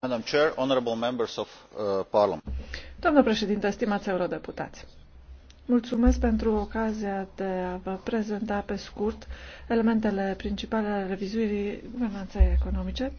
Domnule uh, președinte, stimați eurodeputați, mulțumesc pentru ocazia de a vă prezenta pe scurt elementele principale ale revizuirii guvernanței economice,